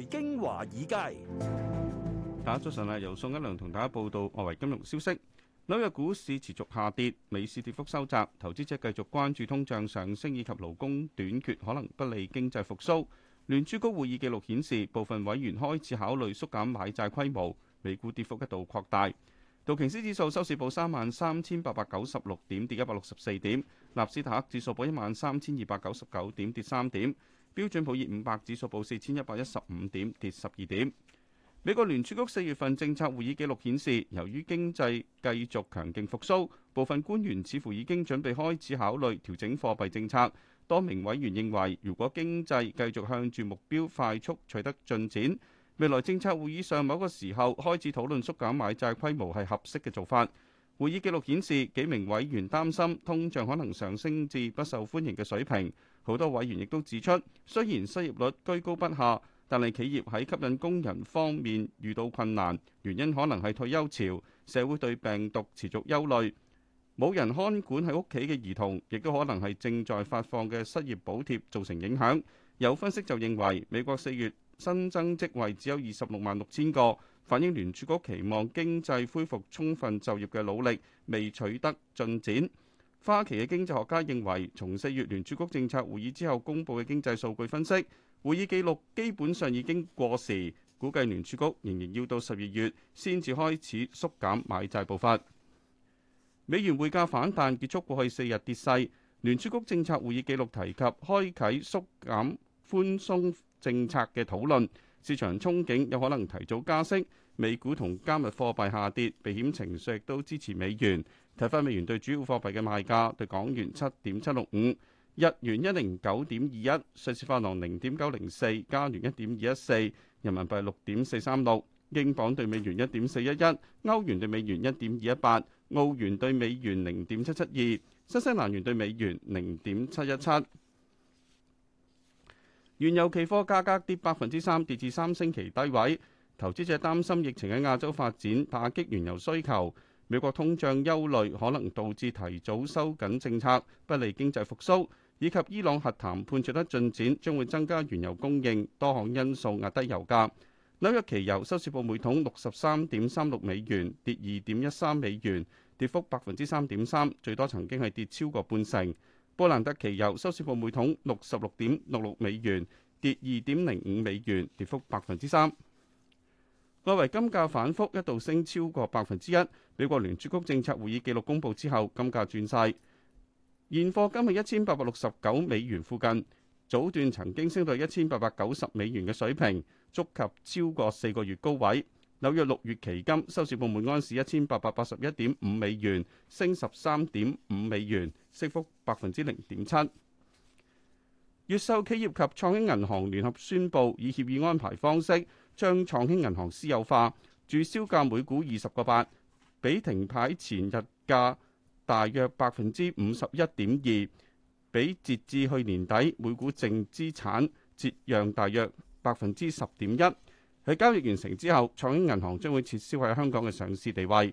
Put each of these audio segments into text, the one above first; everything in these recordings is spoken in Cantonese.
財經華爾街。大家早晨啊！由宋一良同大家報道外圍金融消息。紐約股市持續下跌，美市跌幅收窄，投資者繼續關注通脹上升以及勞工短缺可能不利經濟復甦。聯儲局會議記錄顯示，部分委員開始考慮縮減買債規模。美股跌幅一度擴大，道瓊斯指數收市報三萬三千八百九十六點，跌一百六十四點；納斯達克指數報一萬三千二百九十九點，跌三點。標準普爾五百指數報四千一百一十五點，跌十二點。美國聯儲局四月份政策會議記錄顯示，由於經濟繼續強勁復甦，部分官員似乎已經準備開始考慮調整貨幣政策。多名委員認為，如果經濟繼續向住目標快速取得進展，未來政策會議上某個時候開始討論縮減買債規模係合適嘅做法。會議記錄顯示，幾名委員擔心通脹可能上升至不受歡迎嘅水平。好多委員亦都指出，雖然失業率居高不下，但係企業喺吸引工人方面遇到困難，原因可能係退休潮、社會對病毒持續憂慮、冇人看管喺屋企嘅兒童，亦都可能係正在發放嘅失業補貼造成影響。有分析就認為，美國四月新增職位只有二十六萬六千個，反映聯儲局期望經濟恢復充分就業嘅努力未取得進展。花旗嘅經濟學家認為，從四月聯儲局政策會議之後公佈嘅經濟數據分析，會議記錄基本上已經過時，估計聯儲局仍然要到十二月先至開始縮減買債步伐。美元匯價反彈，結束過去四日跌勢。聯儲局政策會議記錄提及開啓縮減寬鬆。政策嘅討論，市場憧憬有可能提早加息，美股同加密貨幣下跌，避險情緒亦都支持美元。睇返美元對主要貨幣嘅賣價，對港元七點七六五，日元一零九點二一，瑞士法郎零點九零四，加元一點二一四，人民幣六點四三六，英鎊對美元一點四一一，歐元對美元一點二一八，澳元對美元零點七七二，新西蘭元對美元零點七一七。原油期貨價格跌百分之三，跌至三星期低位。投資者擔心疫情喺亞洲發展打擊原油需求。美國通脹憂慮可能導致提早收緊政策，不利經濟復甦，以及伊朗核談判取得進展將會增加原油供應，多項因素壓低油價。紐約期油收市報每桶六十三點三六美元，跌二點一三美元，跌幅百分之三點三，最多曾經係跌超過半成。布蘭特期油收市報每桶六十六點六六美元，跌二點零五美元，跌幅百分之三。外圍金價反覆一度升超過百分之一，美國聯儲局政策會議記錄公佈之後，金價轉勢。現貨今日一千八百六十九美元附近，早段曾經升到一千八百九十美元嘅水平，觸及超過四個月高位。紐約六月期金收市報每盎司一千八百八十一點五美元，升十三點五美元。升幅百分之零點七。越秀企業及創興銀行聯合宣佈，以協議安排方式將創興銀行私有化，註銷價每股二十個八，比停牌前日價大約百分之五十一點二，比截至去年底每股淨資產折讓大約百分之十點一。喺交易完成之後，創興銀行將會撤銷喺香港嘅上市地位。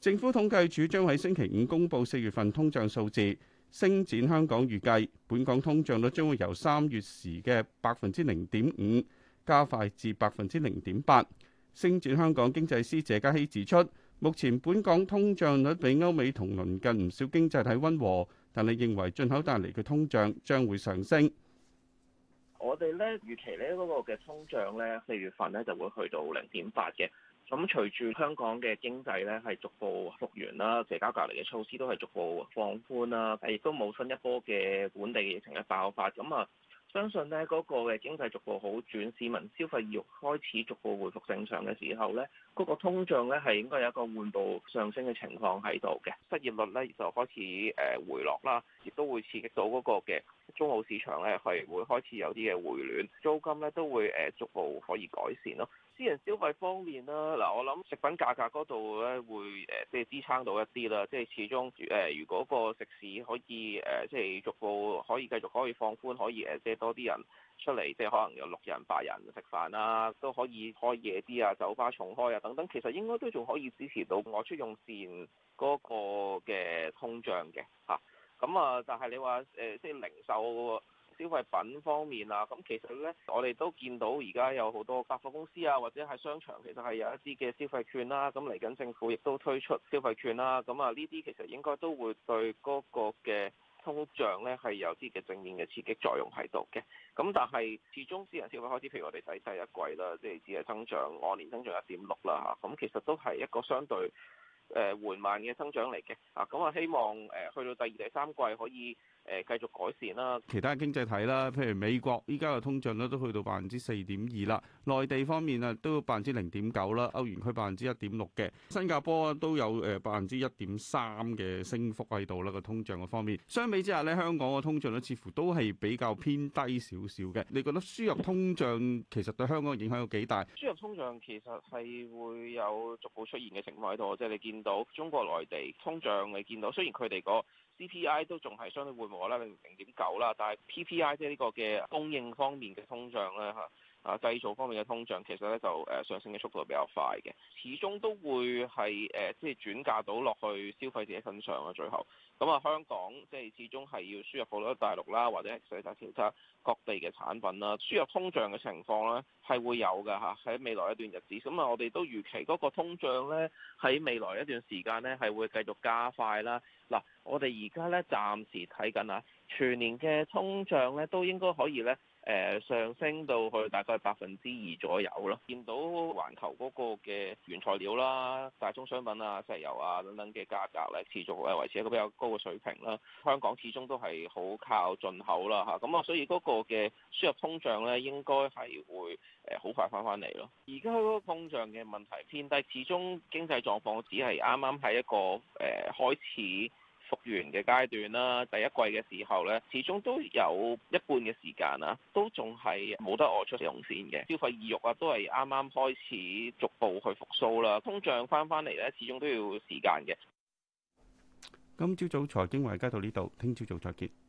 政府統計處將喺星期五公佈四月份通脹數字，星展香港預計本港通脹率將會由三月時嘅百分之零點五加快至百分之零點八。星展香港經濟師謝家熙指出，目前本港通脹率比歐美同鄰近唔少經濟體溫和，但係認為進口帶嚟嘅通脹將會上升。我哋咧預期咧嗰個嘅通脹咧四月份咧就會去到零點八嘅。咁隨住香港嘅經濟咧係逐步復原啦，社交隔離嘅措施都係逐步放寬啦，亦都冇新一波嘅本地疫情嘅爆發，咁啊，相信咧嗰個嘅經濟逐步好轉，市民消費意欲開始逐步回復正常嘅時候咧，嗰個通脹咧係應該有一個緩步上升嘅情況喺度嘅，失業率咧就開始誒回落啦，亦都會刺激到嗰個嘅。中澳市場咧係會開始有啲嘅回暖，租金咧都會誒逐步可以改善咯。私人消費方面啦，嗱我諗食品價格嗰度咧會誒即係支撐到一啲啦，即係始終誒如果個食肆可以誒即係逐步可以繼續可以放寬，可以誒即係多啲人出嚟，即係可能有六人八人食飯啦，都可以開夜啲啊，酒吧重開啊等等，其實應該都仲可以支持到外出用膳嗰個嘅通脹嘅嚇。咁啊、嗯，但係你話誒，即、呃、係零售消費品方面啊，咁其實呢，我哋都見到而家有好多百貨公司啊，或者係商場，其實係有一啲嘅消費券啦、啊，咁嚟緊政府亦都推出消費券啦，咁啊，呢、啊、啲其實應該都會對嗰個嘅通脹呢，係有啲嘅正面嘅刺激作用喺度嘅。咁、啊、但係始終私人消費開始，譬如我哋睇第一季啦，即係只係增長按年增長一點六啦嚇，咁、啊啊嗯、其實都係一個相對誒緩慢嘅增長嚟嘅啊，咁啊希望誒、呃、去到第二第三季可以誒、呃、繼續改善啦。其他經濟體啦，譬如美國依家嘅通脹咧都去到百分之四點二啦，內地方面啊都百分之零點九啦，歐元區百分之一點六嘅，新加坡都有誒百分之一點三嘅升幅喺度啦，個通脹嘅方面。相比之下咧，香港嘅通脹咧似乎都係比較偏低少少嘅。你覺得輸入通脹其實對香港影響有幾大？輸入通脹其實係會有逐步出現嘅情況喺度，即、就、係、是、你見。見到中國內地通脹，你見到雖然佢哋個 CPI 都仲係相對緩和啦，零點九啦，但係 PPI 即係呢個嘅供應方面嘅通脹咧吓。啊，製造方面嘅通脹其實咧就誒、呃、上升嘅速度比較快嘅，始終都會係誒、呃、即係轉嫁到落去消費者身上嘅最後。咁啊，香港即係始終係要輸入好多大陸啦，或者世界各地嘅產品啦，輸入通脹嘅情況咧係會有㗎吓。喺未來一段日子，咁、嗯、啊，我哋都預期嗰個通脹咧喺未來一段時間咧係會繼續加快啦。嗱，我哋而家咧暫時睇緊啊，全年嘅通脹咧都應該可以咧。誒上升到去大概百分之二左右咯，見到環球嗰個嘅原材料啦、大宗商品啊、石油啊等等嘅價格咧，持續誒維持一個比較高嘅水平啦。香港始終都係好靠進口啦，吓，咁啊，所以嗰個嘅輸入通脹咧，應該係會誒好快翻翻嚟咯。而家嗰個通脹嘅問題，偏低始終經濟狀況只係啱啱係一個誒開始。復原嘅階段啦，第一季嘅時候咧，始終都有一半嘅時間啊，都仲係冇得外出用線嘅消費意欲啊，都係啱啱開始逐步去復甦啦。通脹翻翻嚟咧，始終都要時間嘅。今朝早財經華爾街到呢度，聽朝早再見。